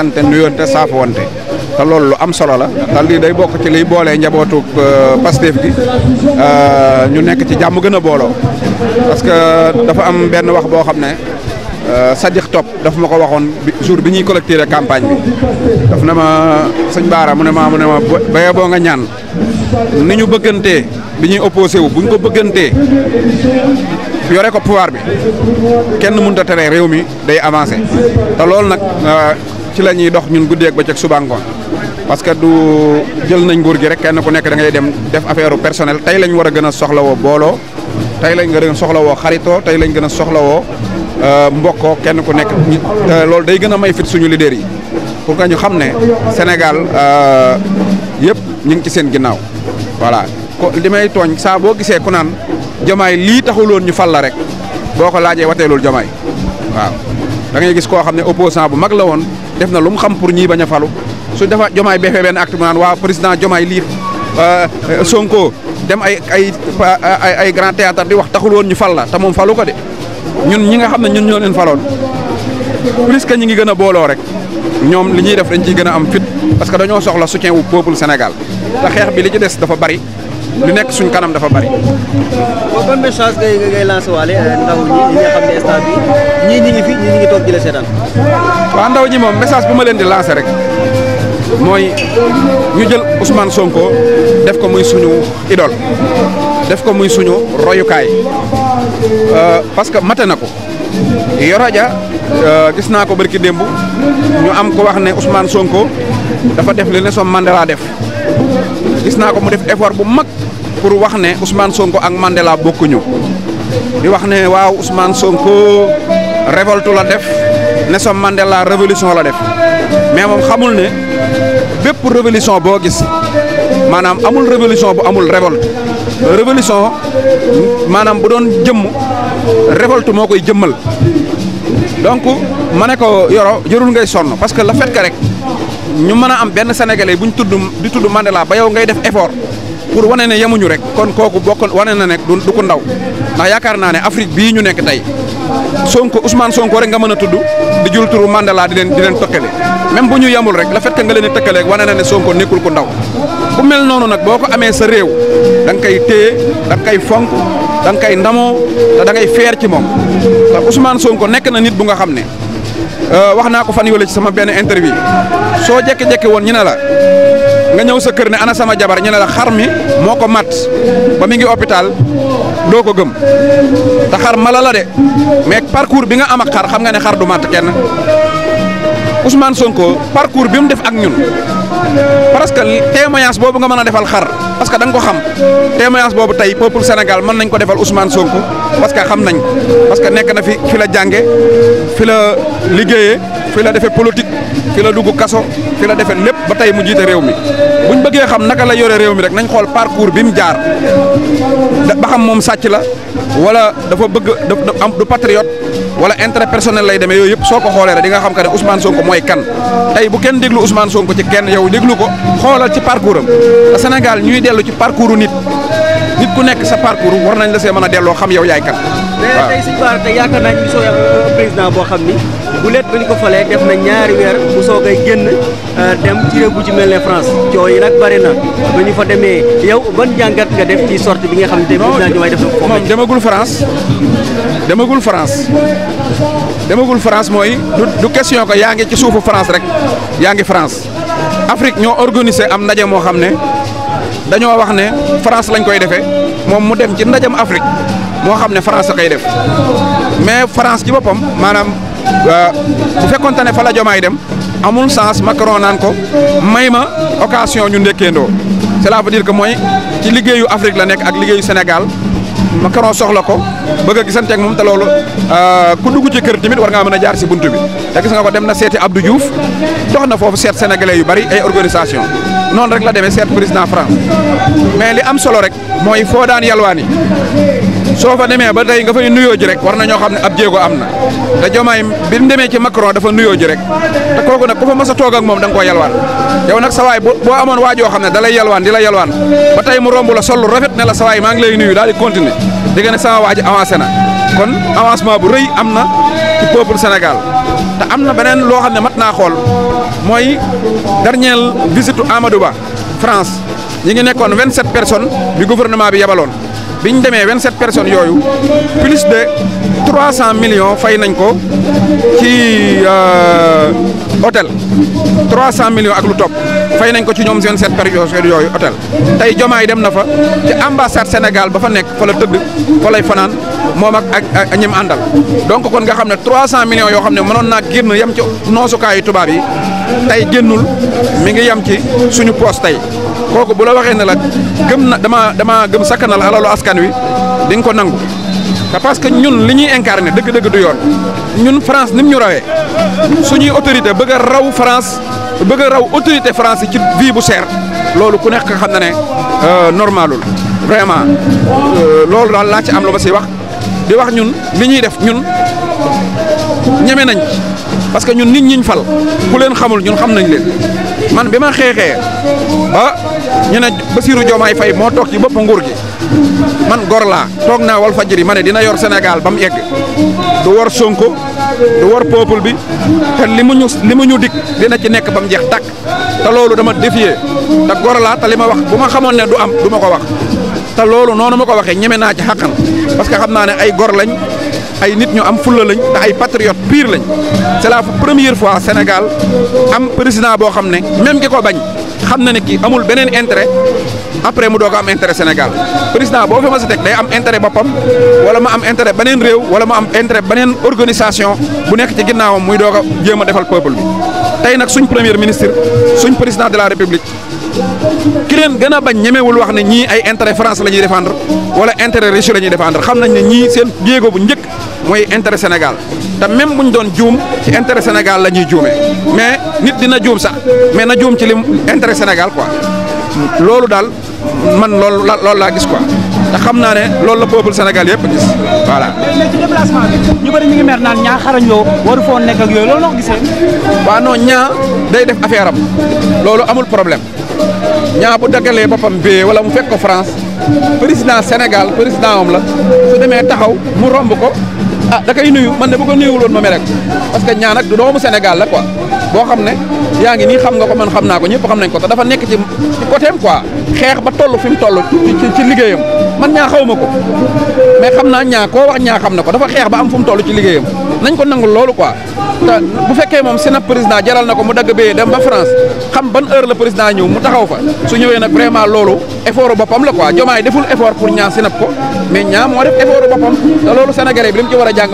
jàppante nuyoonte saafoonte te loolu lu am solo la te lii day bokk ci liy boolee njabootu euh, Pastef gi euh, ñu nekk ci jàmm gën a booloo parce que dafa am benn wax boo xam ne euh, Sadikh Top daf ma ko waxoon jour bi ñuy collecté campagne bi daf na ma sëñ Baara mu ne maa mu ne ma baye nga ñaan ni ñu bëggantee bi ñuy opposé wu bu ñu ko bëggantee yore ko pouvoir bi kenn mënut a tere réew mi day avancé te loolu nag. ci ñuy dox ñun guddeeg bëccëg suba ngoon parce que du jël nañ nguur gi rek kenn ku nekk da ngay dem def affaire personnel tey lañ war gën a soxlawoo booloo tey lañ gën a soxlawoo xaritoo tey lañ gën a soxlawoo euh, mbokkoo kenn ku nekk euh, loolu day gën a may fit suñu leader yi pour que ñu xam ne Sénégal euh, yëpp ñu ngi ci seen ginnaaw voilà ko li may tooñ saa boo gisee ku naan jamaay lii taxuloon ñu fal la rek boo ko laajee wateelul jamaay waaw da ngay gis koo xam ne opposant bu mag la woon def na lu mu xam pour ñii bañ a falu su dafa jomaay beefee benn acte naan waa président jomaay lii euh, Sonko dem ay ay ay grand théâtre di wax taxul woon ñu fal la te moom falu ko de ñun ñi nga xam ne ñun ñoo leen faloon plus que ñi ngi gën a booloo rek ñoom li ñuy def dañ ciy gën a am fit parce que dañoo soxla soutien wu peuple Sénégal te xeex bi li ci des dafa bari lu nekk suñ kanam dafa bari. ban message ngay ngay lancé waale euh, ndaw ñi ñi nga xam ne instant bi ñii ñi ngi fi ñii ñi ngi toog di seetaan. waaw ndaw ñi moom message bu ma leen di lancé rek mooy ñu jël Ousmane Sonko def ko muy suñu idole def ko muy suñu royukaay euh, parce que mate na ko Yoroja euh, gis naa ko barki démb ñu am ko wax ne Ousmane Sonko dafa def li Nelson Mandela def. gis naa ko mu def effort bu mag pour wax ne Ousmane Sonko ak Mandela bokkuñu di wax ne waaw Ousmane Sonko révolte la def ne som révolution la def mais moom xamul ne bépp révolution boo gis maanaam amul révolution bu amul révolte révolution maanaam bu doon jëmm révolte moo koy jëmmal donc ma ne ko yoro jërul ngay sonn parce que la fait rek ñu mën a am benn sénégalais bu ñu tudd di tudd Mandela ba yow ngay def effort pour wane ne yemuñu rek kon kooku bokk wane na nekk du ko ndaw ndax yaakaar naa ne Afrique bii ñu nekk tey Sonko Ousmane Sonko rek nga mën a tudd di jul turu Mandela di leen di leen tëkkale même bu ñu yemul rek le fait que nga leen di tëkkaleeg na ne Sonko nekkul ku ndaw ku mel noonu nag boo ko amee sa réew da nga koy téye da nga fonk da nga koy ndamoo te da ngay feer ci moom te Ousmane Sonko nekk na nit bu nga xam ne. Euh, wax naa ko fan yële ci sama benn interview soo jékki-jékki woon ñu ne la nga ñëw sa kër ne ana sama jabar ñu ne la xar mi moo ko mat ba mi ngi hôpital doo ko gëm te xar ma la la de mais parcours bi nga am ak xar xam nga ne xar du mat kenn Ousmane Sonko parcours bi mu def ak ñun. parce que témoignage boobu nga mën a defal xar parce que danga ko xam témoignage boobu tey peuple Sénégal mën nañ ko defal Ousmane Sonko parce que xam nañ parce que nekk na fi fi la jànge fi la liggéeye fi la defee politique. fi la dugg kaso fi la defee lépp ba tey mu jiite réew mi buñ bëggee xam naka la yore réew mi rek nañ xool parcours bi mu jaar ba xam moom sàcc la wala dafa bëgg daf am du patriote wala intérêt personnel lay demee yooyu yëpp soo ko xoolee rek di nga xam que ne Ousmane Sonko mooy kan tey bu kenn déglu Ousmane Sonko ci kenn yow déglu ko xoolal ci parcours am te Sénégal ñuy dellu ci parcours nit nit ku nekk sa parcours war nañ la see mën a delloo xam yow yaay kan. waaw tey tey yaakaar boo xam ni bu leet ba ñu ko na ñaari weer soogay génn euh, dem ci réew bu ci mel ne France coow nag bari na ba ñu fa demee yow ban jàngat nga def ci sortie bi nga xam ne tey président Diomaye def na ko moom demagul France demagul France demagul France mooy du question ko yaa ngi ci suufu France rek yaa ngi France Afrique ñoo organisé am ndaje moo xam ne dañoo wax ne France lañ koy defee moom mu dem ci ndajam Afrique moo xam ne France la koy def mais France ci boppam maanaam euh, bu fekkonte ne fa la Diomaye dem amul sens Macron naan ko may ma occasion ñu ndékkeendoo cela veut dire que mooy ci liggéeyu Afrique la nekk ak liggéeyu Sénégal Macron soxla ko bëgg a gisante ak moom te loolu euh, ku dugg ci kër tamit war ngaa mën a jaar si buntu bi te nga ko dem na seeti Abdou Diouf dox na foofu seet sénégalais yu bari ay organisation noonu rek la demee seet président France mais li am solo rek mooy foo daan yalwaani soo fa demee ba tey nga fa nuyoo ji rek war na ñoo xam ne ab jéego am na te jomaay bi mu demee ci Macron dafa nuyoo ji rek te kooku nag ku fa mas a toog ak moom da nga koo yalwaan yow nag sawaay boo amoon waajoo xam ne da lay yalwaan di la yalwaan ba tey mu romb la sol lu rafet ne la sawaay maa ngi lay nuyu daal di continuer di ne sama waa ji na kon avancement bu rëy am na ci peuple Sénégal te am na beneen loo xam ne mat naa xool mooy dernière visite Amadou Ba France ngi nekkoon 27 personnes bi gouvernement bi yabaloon bi ñu demee 27 personnes yooyu plus de 300 millions fay nañ ko ci euh, hôtel 300 millions ak lu topp fay nañ ko ci ñoom 27 personnes yooyu hôtel tey Diomaye dem nafa fa ci ambassade Sénégal ba fa nekk fa la tëdd fa lay fanaan moom ak ak ñim àndal donc kon nga xam ne 300 millions yoo xam ne mënoon naa génn yem ci noosukaayu tubaab yi tey génnul mi ngi yem ci suñu poos tey kooku bu la waxee ne la gëm na dama dama gëm sakkanal alalu askan wi di nga ko nangu te parce que ñun li ñuy incarné dëgg-dëgg du yoon ñun France ni mu ñu rawee suñuy autorité bëgg raw France bëgg raw autorité France yi ci vie bu cher loolu ku nekk xam na ne euh, normalul vraiment euh, loolu daal laa ci am lu ma si wax di wax ñun li ñuy def ñun ñeme nañ parce que ñun nit ñiñ fal bu leen xamul ñun xam nañ leen man bi ma xeexee ba ñu ne Bassirou Diomaye Faye moo toog ci bopp nguur gi man gor laa toog naa wal fajiri ma ne dina yor Sénégal ba mu yegg du war Sonko du war peuple bi te li mu ñu li mu ñu dig dina ci nekk ba mu jeex tàkk te loolu dama défier te gor laa te li ma wax bu ma xamoon ne du am du ma ko wax te loolu noonu ma ko waxee ñeme naa ci xàqan parce que xam naa ne ay gor lañ ay nit ñu am fulla lañ te ay patriote pire lañ c'est la première fois Sénégal am président boo xam ne même ki ko bañ xam na ne kii amul beneen intérêt après mu doog am intérêt Sénégal président boo fi ma si teg day am intérêt boppam wala ma am intérêt beneen réew wala ma am intérêt beneen organisation bu nekk ci ginnaawam muy doog a jéem a defal peuple bi tey nag suñ premier ministre suñ président de la république ki leen gën a bañ ñemewul wax ne ñii ay intérêt France la ñuy défendre wala intérêt région la ñuy défendre xam nañ ne ñii seen jéego bu njëkk mooy intérêt Sénégal te même bu ñu doon juum ci intérêt Sénégal la ñuy juumee mais nit dina juum sax mais na juum ci lim intérêt Sénégal quoi loolu daal man loolu la loolu laa gis ko te xam naa ne loolu la peuple Sénégal yëpp gis voilà. mais ci déplacement bi ñu bëri ñu ngi mer naan ñaa xarañ yoo waru foon nekk ak yooyu loolu noo gisee. waa non ñaa day def affaire am loolu amul problème. ñaa bu daggalee boppam bee wala mu fekk ko France président Sénégal président am la su demee taxaw mu romb ko a ah, da koy nuyu man de bu ko nuyuwul woon ma mere ko parce que ñaa nag du doomu Sénégal la quoi. boo xam ne yaa ngi nii xam nga ko man xam naa ko ñëpp xam nañ ko te dafa nekk ci ci côtéem quoi xeex ba toll fi mu toll ci ci liggéeyam man ñaa xaw ma ko mais xam naa ñaa koo wax ñaa xam na ko dafa xeex ba am fu mu toll ci liggéeyam nañ ko nangul loolu quoi te bu fekkee moom si na président jaral na ko mu dagg béyee dem ba France xam ban heure la président ñëw mu taxaw fa su ñëwee na vraiment loolu effort boppam la quoi jomaay deful effort pour ñaa sinap ko mais war a jàng